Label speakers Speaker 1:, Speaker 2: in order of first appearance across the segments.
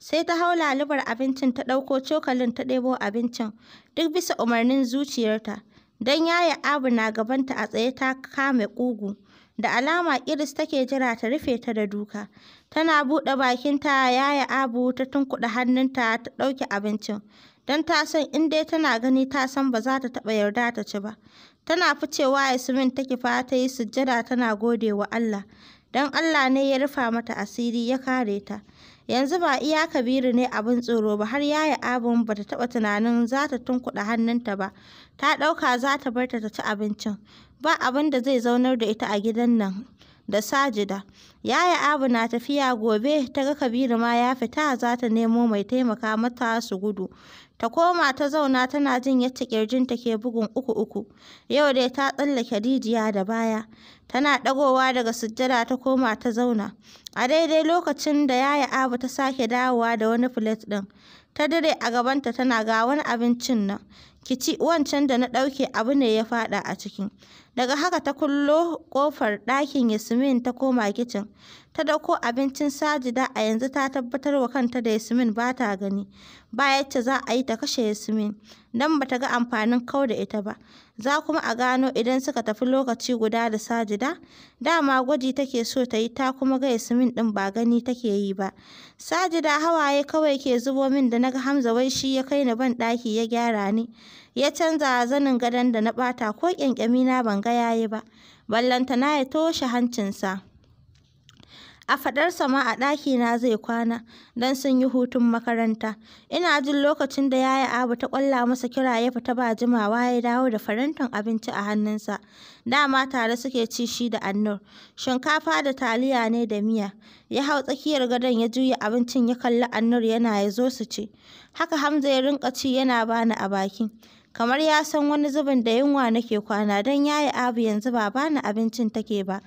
Speaker 1: sai ta hau lalubar abincin ta ɗauko cokalin ta ɗebo abincin duk bisa umarnin zuciyarta don yaya abu na gabanta a tsaye ta kame ƙugu da alama iris take jira ta rufe ta da duka tana buɗe bakinta yaya abu ta tunkuɗa hannunta ta ɗauke abincin don ta san in dai tana gani ta san ba za ta taɓa yarda ta ci ba tana ficewa yasmin take fata yi sujjada tana gode wa allah don allah ne ya rufa mata asiri ya kare ta yanzu ba iya kabiru ne abin tsoro ba har yaya abin ba ta taɓa tunanin za ta tunkuɗa hannunta ba ta ɗauka za ta bar ta ci abincin ba abin da zai zaunar da ita a gidan nan da sajida yaya abu na tafiya gobe ta ga kabiru ma ya fita za ta nemo mai taimaka mata su gudu ta koma ta zauna tana jin yadda ƙirjinta ke bugun uku-uku. Yau dai ta tsallake rijiya da baya. Tana ɗagowa daga sujjada ta koma ta zauna. A daidai lokacin da yaya Abu ta sake dawowa da wani filet ɗin. Ta dire a gabanta tana ga wani abincin nan. ki ci wancan da na ɗauke abu ne ya faɗa a cikin. Daga haka ta kullo ƙofar ɗakin Yasmin ta koma kicin. Ta dauko abincin Sajida a yanzu ta tabbatar wa kanta da Yasmin ba ta gani. Ba yadda za a yi ta kashe Yasmin, don ba ta ga amfanin kau da ita ba. Za kuma a gano idan suka tafi lokaci guda da Sajida, dama gwaji take so ta yi ta kuma ga Yasmin ɗin ba gani take yi ba. Sajida hawaye kawai ke zubo min da naga Hamza wai shi ya kai ni ban ɗaki ya gyara ni. ya canza zanin gadon da na ɓata ko ƙyanƙyami na ban ga yayi ba ballantana ya toshe hancinsa A faɗarsa ma a ɗakina zai kwana, don sun yi hutun makaranta. Ina jin lokacin da Yaya Abu ta ƙwalla masa kira ya fita ba jimawa ya dawo da farantin abinci a hannunsa. Dama tare suke ci shi da Annur. Shinkafa da taliya ne da miya. Ya hau tsakiyar gadon ya juya abincin ya kalli Annur yana ya zo su ci. Haka Hamza ya rinka ci yana bani a baki. kamar ya san wani zubin da yunwa nake kwana don ya yi abu yanzu ba bani abincin take ba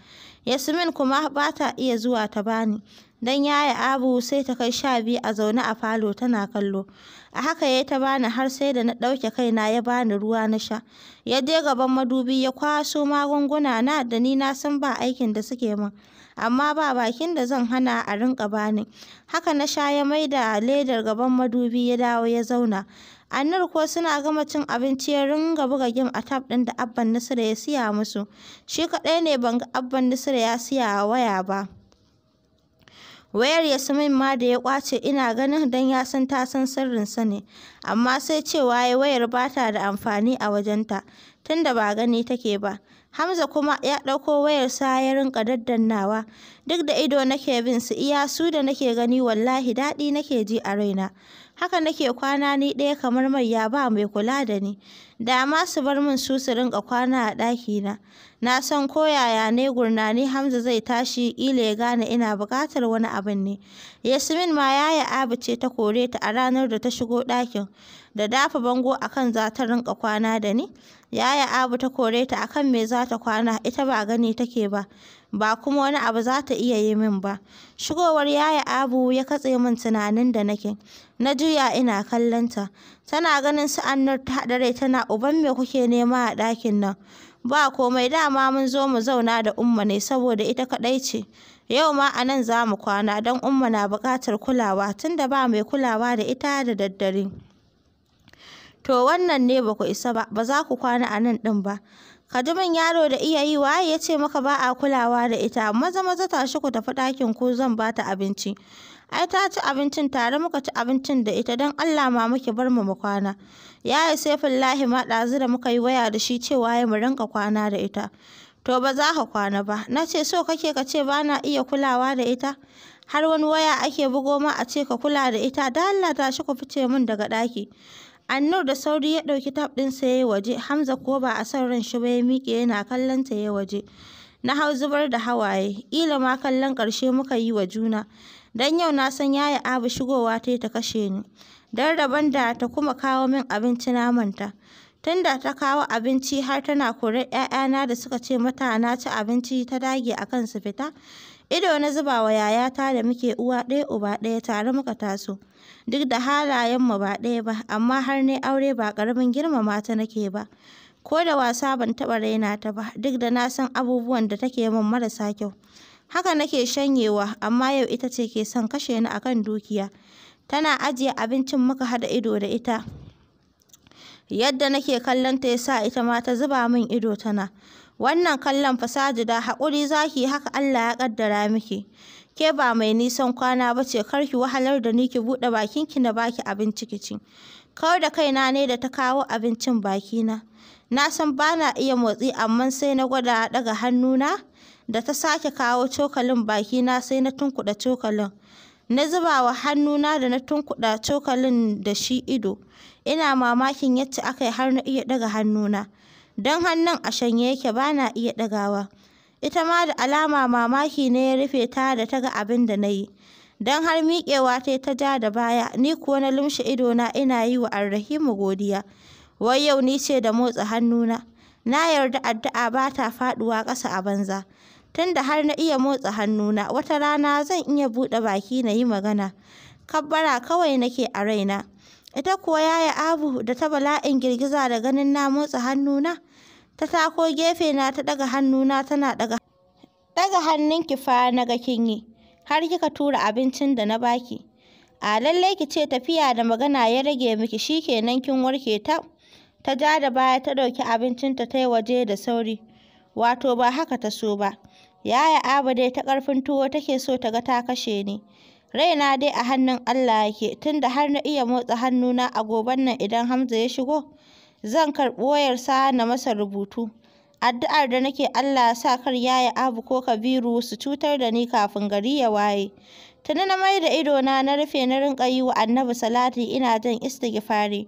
Speaker 1: yasmin kuma ba ta iya zuwa ta bani don ya yi abu sai ta kai sha biyu a zaune a falo tana kallo a haka ya ta bani har sai da na ɗauke kaina ya bani ruwa na sha ya je gaban madubi ya kwaso magunguna na da ni na san ba aikin da suke min amma ba bakin da zan hana a rinka bani haka na sha ya maida ledar gaban madubi ya dawo ya zauna Anir ko suna gama cin abinci ya ringa buga gim a tab ɗin da Abban Nusra ya siya musu. Shi kaɗai ne ban ga Abban Nusra ya siya waya ba. Wayar Yasmin ma da ya kwace ina ganin dan ya san ta san sa ne, amma sai cewa ya wayar ba ta da amfani a wajenta, tunda ba gani take ba. Hamza kuma ya ɗauko wayar sa ya rinƙa daddannawa, duk da ido nake bin su iya su da nake gani wallahi daɗi nake ji a raina. Haka nake kwana ni ɗaya kamar mayya ba mai kula da ni. Da ma su bar min su su rinƙa kwana a ɗaki Na Na san ko yaya ne gurnani Hamza zai tashi ƙila ya gane ina buƙatar wani abin ne. Yasmin ma yaya Abu ce ta kore ta a ranar da ta shigo ɗakin. Da dafa bango akan za ta rinƙa kwana da ni. Ya yi Abu ta kore ta akan me za ta kwana ita ba gani take ba. Ba kuma wani abu za ta iya yi min ba. Shigowar yaya Abu ya katse min tunanin da nake. Na juya ina kallonta. Tana ganin sa'an Nur ta haɗa rai tana uban me kuke nema a ɗakin nan. Ba komai dama mun zo mu zauna da Umma ne saboda ita kaɗai ce. Yau ma a nan za mu kwana don Umma na buƙatar kulawa tunda ba mai kulawa da ita da daddare. To wannan ne ba ku isa ba, ba za ku kwana a nan ɗin ba. Ka ji min yaro da iya yi wa? ya ce maka ba a kulawa da ita, maza maza tashi ku tafi ɗakin ku zan ba ta abinci. Ai ta ci abincin tare muka ci abincin da ita don Allah ma muke bar mu mu kwana. Yaya saifin ma ɗazu da muka yi waya da shi cewa ya mu rinka kwana da ita. To ba za ka kwana ba. Na ce so kake ka ce ba na iya kulawa da ita. Har wani waya ake bugo ma a ce ka kula da ita. Da Allah shi ku fice min daga ɗaki. Annur da sauri ya ɗauki tab ɗinsa ya waje. Hamza ko ba a son ran shi ba ya miƙe yana kallon ta ya waje. Na hau zubar da hawaye. Ƙila ma kallon ƙarshe muka yi wa juna. don yau na san yaya Abu shigowa ta yi ta kashe ni, don rabon da ta kuma kawo min abinci na manta. Tun da ta kawo abinci har tana korar 'ya'yana da suka ce mata na ci abinci ta dage a kan su fita, ido na zuba wa yayata da muke uwa ɗaya uba ɗaya tare muka taso. Duk da halayen mu ba ɗaya ba, amma har ne aure ba ƙaramin girmama ta nake ba. Ko da wasa ban taɓa raina ta ba, duk da na san abubuwan da take min marasa kyau. Haka nake shanyewa, amma yau ita ce ke son kashe ni akan dukiya. Tana ajiye abincin muka haɗa ido da ita. Yadda nake kallon ta ya sa ita ma ta zuba min ido tana. Wannan kallon fasaji da haƙuri zaki ki haka Allah ya ƙaddara miki. Ke ba mai nisan kwana ba ce kar ki wahalar da ni ki buɗe bakinki na baki abinci ki ci. Kawar da kaina ne da ta kawo abincin bakina. Na san bana iya motsi amma sai na gwada daga hannuna Da ta sake kawo cokalin baki na sai na tunkuɗa cokalin. Na zuba wa hannuna da na tunkuɗa cokalin da shi ido. Ina mamakin yadda aka yi har na iya ɗaga hannuna. Don hannun a shanye yake ba na iya ɗagawa. Ita ma da alama mamaki ne ya rufe ta da ta ga abin da na yi. Don har miƙewa ta ta ja da baya, ni kuwa na lumshe ido na ina yi wa Arrahimu godiya. Wai yau ni ce da motsa hannuna. Na yarda addu'a ba ta faɗuwa ƙasa a banza. tunda har na iya motsa hannuna wata rana zan iya buɗe baki na yi magana. Kabbara kawai nake a raina. Ita kuwa Yaya Abu da ta bala'in girgiza da ganin na motsa hannuna, ta tako na ta daga hannuna tana daga hannun ki fa na ga kin yi, har kika tura abincin da na baki. A lallai ki ce tafiya da magana ya rage miki shi kenan kin warke ta. Ta ja da baya ta ɗauki ta ta yi waje da sauri. wato ba haka ta so ba. Yaya Abu dai ta ƙarfin tuwo take so ta ga ta kashe ni. Raina dai a hannun Allah yake, tunda har na iya motsa hannuna a goban nan idan Hamza ya shigo, zan karɓi sa na masa rubutu. Addu'ar da nake Allah ya sa kar yaya Abu ko Kabiru su cutar da ni kafin gari ya waye. Tuni na mai da idona na rufe na rinƙa yi wa Annabi salati ina jin istighfari.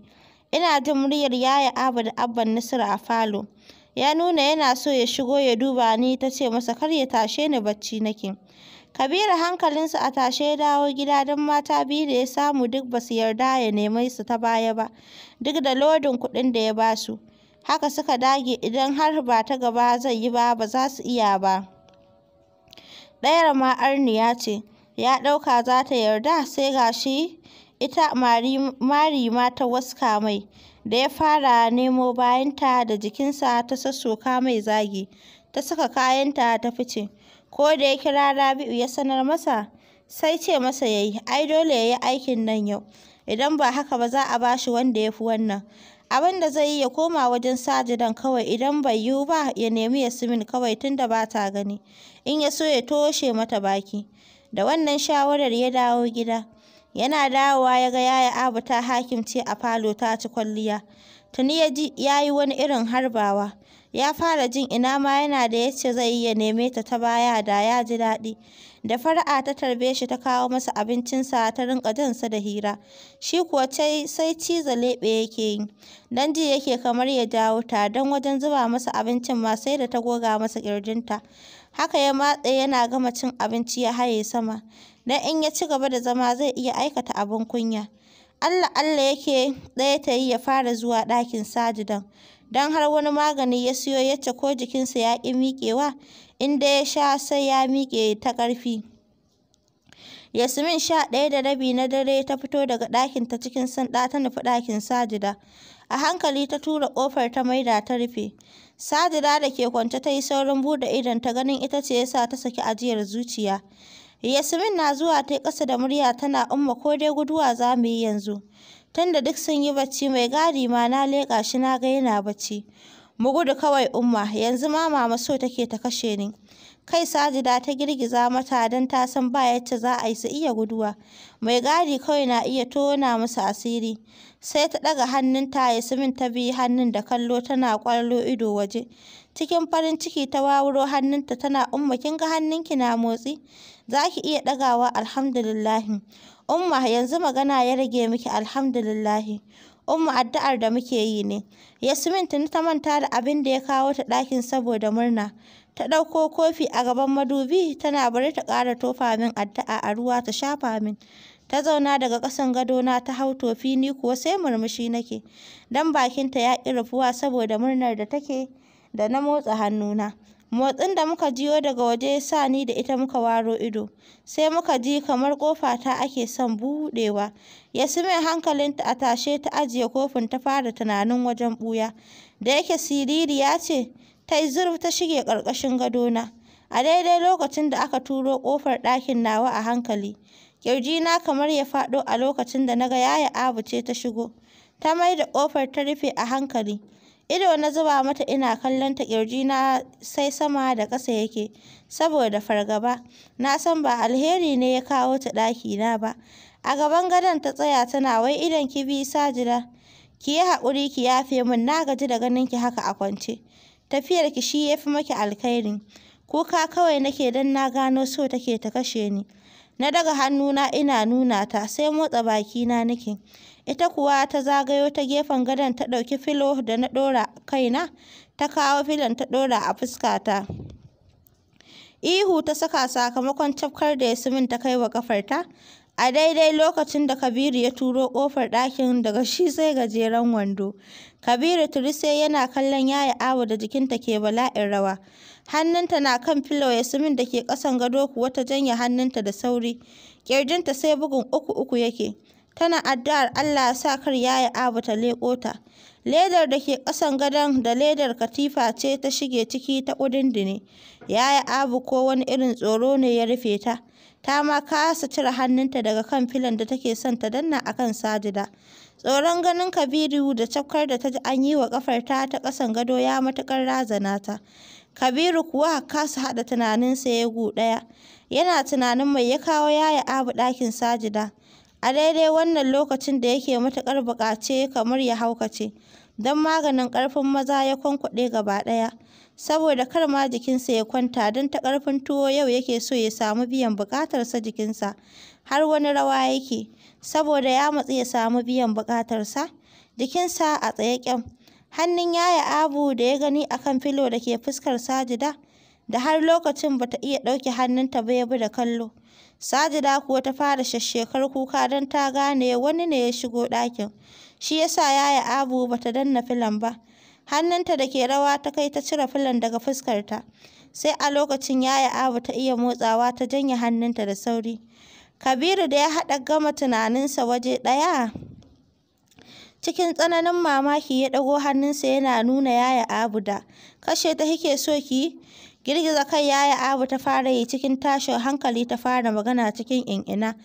Speaker 1: Ina jin muryar yaya Abu da Abban Nasiru a falo. ya nuna yana so ya shigo ya duba ni ta ce masa kar ya tashe ni bacci nake kabira hankalinsa a tashe ya dawo gida don mata biyu da ya samu duk ba su yarda ya neme su ta baya ba duk da lodin kuɗin da ya ba su haka suka dage idan har ba ta gaba zai yi ba ba za su iya ba ɗayar ma ya ce ya ɗauka za ta yarda sai gashi ita mari ma ta waska mai da ya fara nemo bayanta da jikinsa ta sassoka mai zagi, ta saka kayanta ta fice. Ko da ya kira Rabi'u ya sanar masa, sai ce masa ya yi, ai dole ya yi aikin nan yau, idan ba haka ba za a ba shi wanda ya fi wannan. Abin da zai yi ya koma wajen sajidan kawai idan bai yiwu ba ya nemi Yasmin kawai tunda ba ta gani, in ya so ya toshe mata baki. Da wannan shawarar ya dawo gida. Yana dawowa ya ga Yaya Abu ta hakimce a falo ta ci kwalliya. Tuni ya ji ya yi wani irin harbawa. Ya fara jin ina ma yana da yace zai iya ya neme ta ta baya da ya ji daɗi. Da fara'a ta tarbe shi ta kawo masa abincinsa ta rinƙa jansa da hira. Shi kuwa sai ciza leɓe yake yi. Don ji yake kamar ya jawo ta don wajen zuba masa abincin ma sai da ta goga masa ƙirjinta. Haka ya matse yana gama cin abinci ya haye sama, don in ya ci gaba da zama zai iya aikata abin kunya. Allah Allah yake ɗaya ta yi ya fara zuwa ɗakin sajidan, don har wani magani ya siyo yace ko jikinsa ya ƙi miƙewa, inda ya sha sai ya miƙe ta ƙarfi. Yasmin sha ɗaya da rabi na dare ta fito daga ɗakin ta cikin sanda ta nufi ɗakin Sajida. A hankali ta tura ƙofar ta maida ta rufe. Sajida da ke kwance ta yi saurin buɗe idon ta ganin ita ce yasa ta saki ajiyar zuciya. Yasmin na zuwa ta yi ƙasa da murya tana umma ko dai guduwa za mu yi yanzu. Tunda duk sun yi bacci mai gadi ma na leƙa shi na ga yana bacci. Mu gudu kawai umma yanzu ma mama so take ta kashe ni. Kai Sajida ta girgiza mata don ta san ba yadda za a yi su iya guduwa. Mai gadi kawai na iya tona musu asiri. Sai ta ɗaga ya Yasmin ta bi hannun da kallo tana kwallo ido waje. Cikin farin ciki ta wawuro hannunta tana Umma kin ga hannunki na motsi? Za ki iya ɗagawa alhamdulillahi. Umma yanzu magana ya rage miki alhamdulillahi. Umma addu'ar da muke yi ne. Yasmin tuni ta manta da abin da ya kawo ta ɗakin saboda murna. ta ɗauko kofi a gaban madubi tana bari ta ƙara tofa min addu'a a ruwa ta shafa min ta zauna daga ƙasan gadona ta hau tofi ni kuwa sai murmushi nake dan bakinta ya ƙi rufuwa saboda murnar da take da na motsa hannuna motsin da muka jiyo daga waje ya sa ni da ita muka waro ido sai muka ji kamar ƙofa ta ake son buɗewa Ya hankalin hankalinta a tashe ta ajiye kofin ta fara tunanin wajen ɓuya da yake siririya ce ta yi zurf ta shige ƙarƙashin gadona. A daidai lokacin da aka turo ƙofar ɗakin nawa a hankali, na kamar ya faɗo a lokacin da na ga Yaya Abu ce ta shigo. Ta mai da ƙofar ta rufe a hankali. Ido na zuba mata ina kallon ta na sai sama da ƙasa yake, saboda fargaba. Na san ba alheri ne ya kawo ta ɗakina ba. A gaban gadon ta tsaya tana wai idan ki bi sajira Ki yi haƙuri ki yafe min na gaji da ganin ki haka a kwance. tafiyar ki shi ya fi maki alkhairi kuka kawai nake don na gano so take ta kashe ni na daga hannuna ina nuna ta sai motsa bakina nake ita kuwa ta zagayo ta gefen gadon ta ɗauki filo da na ɗora kaina ta kawo filon ta ɗora a fuskata ihu ta saka sakamakon cafkar da min ta kai wa kafarta A daidai lokacin da Kabiru ya turo ƙofar ɗakin daga shi sai gajeren wando, Kabiru sai yana kallon Yaya Awo da jikinta ke bala'in rawa, hannunta na kan filo ya simin da ke ƙasan gado kuwa ta janye hannunta da sauri, ƙirjinta sai bugun uku-uku yake, tana addu'ar Allah ya sa kar Yaya Abu ta leƙo ta. Ledar da ke ƙasan gadon da ledar katifa ce ta shige ciki ta ƙudundune. yi Abu ko wani irin tsoro ne ya rufe ta. Ta ma kasa cire hannunta daga kan filon da take son ta danna a kan sajida. Tsoron ganin Kabiru da cafkar da ta ji an yi wa ƙafarta ta ƙasan gado ya matuƙar razana ta. Kabiru kuwa kasa haɗa tunaninsa ya gu ɗaya. Yana tunanin mai ya kawo yaya Abu ɗakin sajida. a daidai wannan lokacin da yake matuƙar buƙace kamar ya haukace, don maganin ƙarfin maza ya kwankwaɗe gaba ɗaya, saboda kar ma jikinsa ya kwanta don ta ƙarfin tuwo yau yake so ya samu biyan buƙatarsa jikinsa, har wani rawa yake, saboda ya matse ya samu biyan buƙatarsa, jikinsa a tsaye ƙyam. Hannun Yaya Abu da ya gani a kan filo da ke fuskar Sajida da har lokacin ba ta iya ɗauke hannunta ba ya bi da kallo. Sajida kuwa ta fara shashshekar kuka don ta gane wani ne ya shigo ɗakin. Shi ya sa yaya Abu ta danna filan ba. Hannunta da ke rawa ta kai ta cire filan daga fuskarta. Sai a lokacin yaya Abu ta iya motsawa ta janye hannunta da sauri. Kabiru da ya haɗa gama tunaninsa waje ɗaya. cikin tsananin mamaki ya ɗago hannunsa yana nuna yaya abu da kashe ta hike so ki Girgiza kai ya yi Abu ta fara yi cikin tashin hankali ta fara magana cikin in'ina.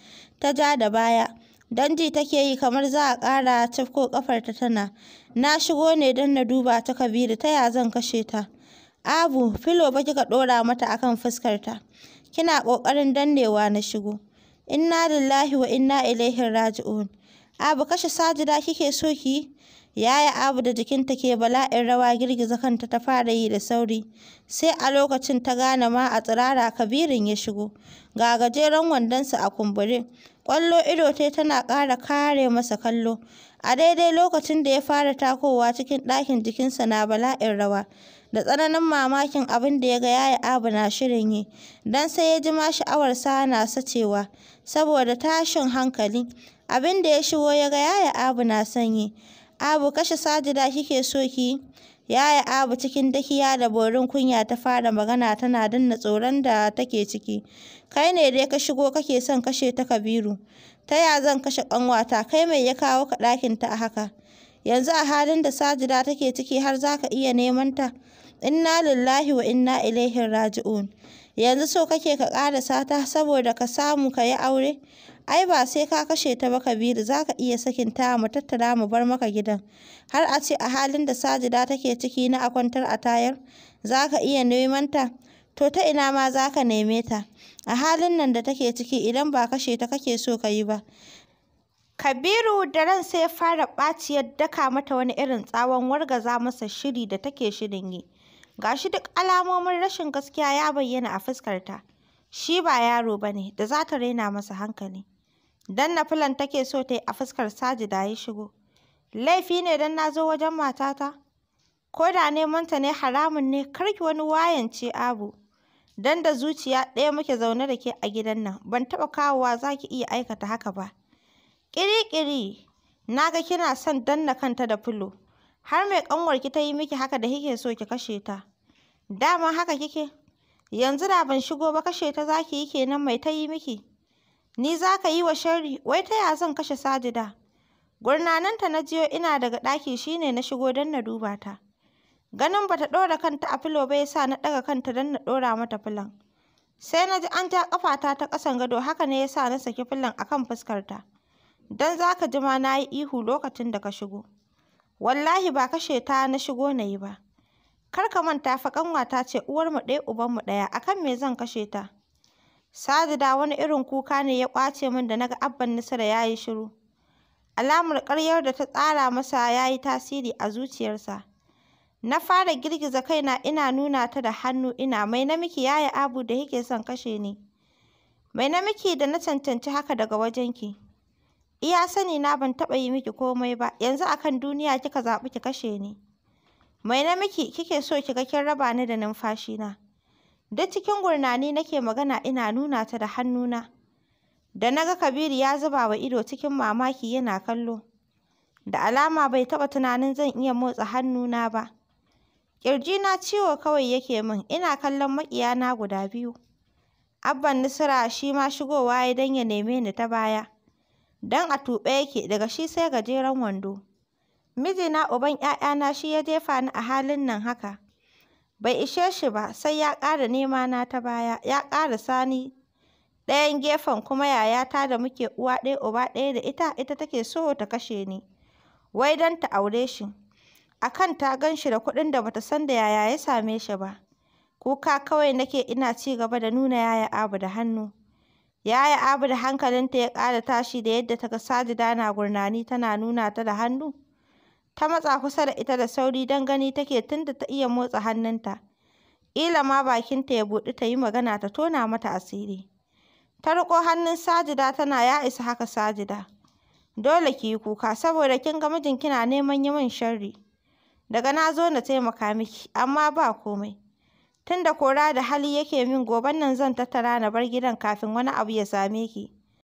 Speaker 1: Ta ja da baya. Don ji take yi kamar za a ƙara cafko ƙafarta tana. Na shigo ne don na duba ta Kabiru ta ya zan kashe ta. Abu, filo ba kika ɗora mata akan fuskarta. Kina ƙoƙarin dannewa na shigo. Inna lillahi wa inna ilaihi raji'un. Abu kashe sajida kike so ki Yaya Abu da jikinta ke bala'in rawa girgiza kanta ta fara yi da sauri. Sai a lokacin ta gane ma a tsirara Kabirin ya shigo. Ga gajeren wandonsa a kumbure. Kwallo ido tai tana ƙara kare masa kallo. A daidai lokacin da ya fara takowa cikin ɗakin jikinsa na bala'in rawa. Da tsananin mamakin abin da ya ga yaya Abu na shirin yi. Don sai ya ji ma sha'awarsa na sacewa. Saboda tashin hankali. Abin da ya shigo ya ga yaya Abu na sanyi. Abu kashe Sajida kike so ki Yaya Abu cikin dakiya da borin kunya ta fara magana tana danna tsoron da take ciki. Kai ne dai ka shigo kake son kashe ta Kabiru. Ta ya zan kashe ƙanwata kai mai ya kawo ka ta a haka? Yanzu a halin da Sajida take ciki har za ka iya neman ta? Inna lillahi wa inna ilaihi raji'un. Yanzu so kake ka ƙarasa ta saboda ka samu ka yi aure? ai ba sai ka kashe ta ba kabiru za ka iya sakin ta mu tattara mu bar maka gidan har a ce a halin da sajida take ciki na akwantar a tayar za ka iya neman ta to ta ina ma za ka neme ta a halin nan da take ciki idan ba kashe ta kake so ka yi ba Kabiru da ran sai fara ɓaci ya daka mata wani irin tsawon wargaza masa shiri da take shirin yi. Ga shi duk alamomin rashin gaskiya ya bayyana a fuskarta. Shi ba yaro ba ne da za ta raina masa hankali. Danna filan take so ta yi a fuskar saji da ya shigo. Laifi ne don na zo wajen matata? Ko da nemanta ne haramun ne kar ki wani wayance abu. Dan da zuciya ɗaya muke zaune da ke a gidan nan, ban taɓa kawowa za ki iya aikata haka ba. ƙiriƙiri na ga kina son danna kanta da fulo. Har mai ƙanwarki ta yi miki haka da kike so ki kashe ta. Dama haka kike? Yanzu da ban shigo ba kashe ta za ki yi kenan mai ta yi miki. Ni za ka yi wa shari, wai ta ya zan kashe Sajida? Gurnananta na jiyo ina daga ɗaki shine na shigo don na duba ta. Ganin bata ɗora kanta a filo bai sa na ɗaga kanta don na ɗora mata filon. Sai na ji an ja ƙafata ta ƙasan gado haka ne ya sa na saki filon a kan fuskarta. Don za ka ji ma na yi ihu lokacin da ka shigo. Wallahi ba kashe ta na shigo na yi ba. Kar ka manta fa ƙanwata ce uwarmu ɗaya ubanmu ɗaya akan me zan kashe ta? Sajida wani irin kuka ne ya kwace min da na ga Abban nasara ya yi shiru. Alamar ƙaryar da ta tsara masa ya yi tasiri a zuciyarsa. Na fara girgiza kaina ina nuna ta da hannu ina mai na miki yaya Abu da yake son kashe ni. Mai na da na cancanci haka daga wajenki. Iya sani na ban taɓa yi miki komai ba, yanzu a kan duniya kika zaɓi ki kashe ni. Mai na miki kike so ki ga kin raba ni da numfashina. Duk cikin gurnani nake magana ina nuna ta da hannuna. Da na ga Kabiru ya zuba wa ido cikin mamaki yana kallo. Da alama bai taɓa tunanin zan iya motsa hannuna ba. na ciwo kawai yake min, ina kallon na guda biyu. Abban Nusra shi ma shigowa ya don ya neme ni ta baya. Don a tuɓe yake daga shi sai gajeren wando. Mijina uban 'ya'yana shi ya jefa ni a halin nan haka. Bai ishe shi ba, sai ya ƙara nema na ta baya, ya ƙara Sani. ɗayan gefen kuma yayata da muke uwa ɗaya uba ɗaya da ita, ita take so ta kashe ni, wai don ta aure shi. A ta gan shi da kuɗin da bata san da yaya ya same shi ba. Kuka kawai nake ina ci gaba da nuna yaya Abu da hannu. Yaya Abu da hankalinta ya ƙara tashi da yadda ta ga Sajida na gurnani tana nuna ta da hannu. ta matsa kusa da ita da sauri don gani take tunda ta iya motsa hannunta. Ƙila ma bakinta ya buɗi ta yi magana ta tona mata asiri. Ta riƙo hannun Sajida tana ya isa haka Sajida. Dole ki yi kuka saboda kin ga mijin kina neman yi min sharri. Daga na zo na taimaka miki amma ba komai. Tunda kora da hali yake min goban nan zan tattara na bar gidan kafin wani abu ya same ki.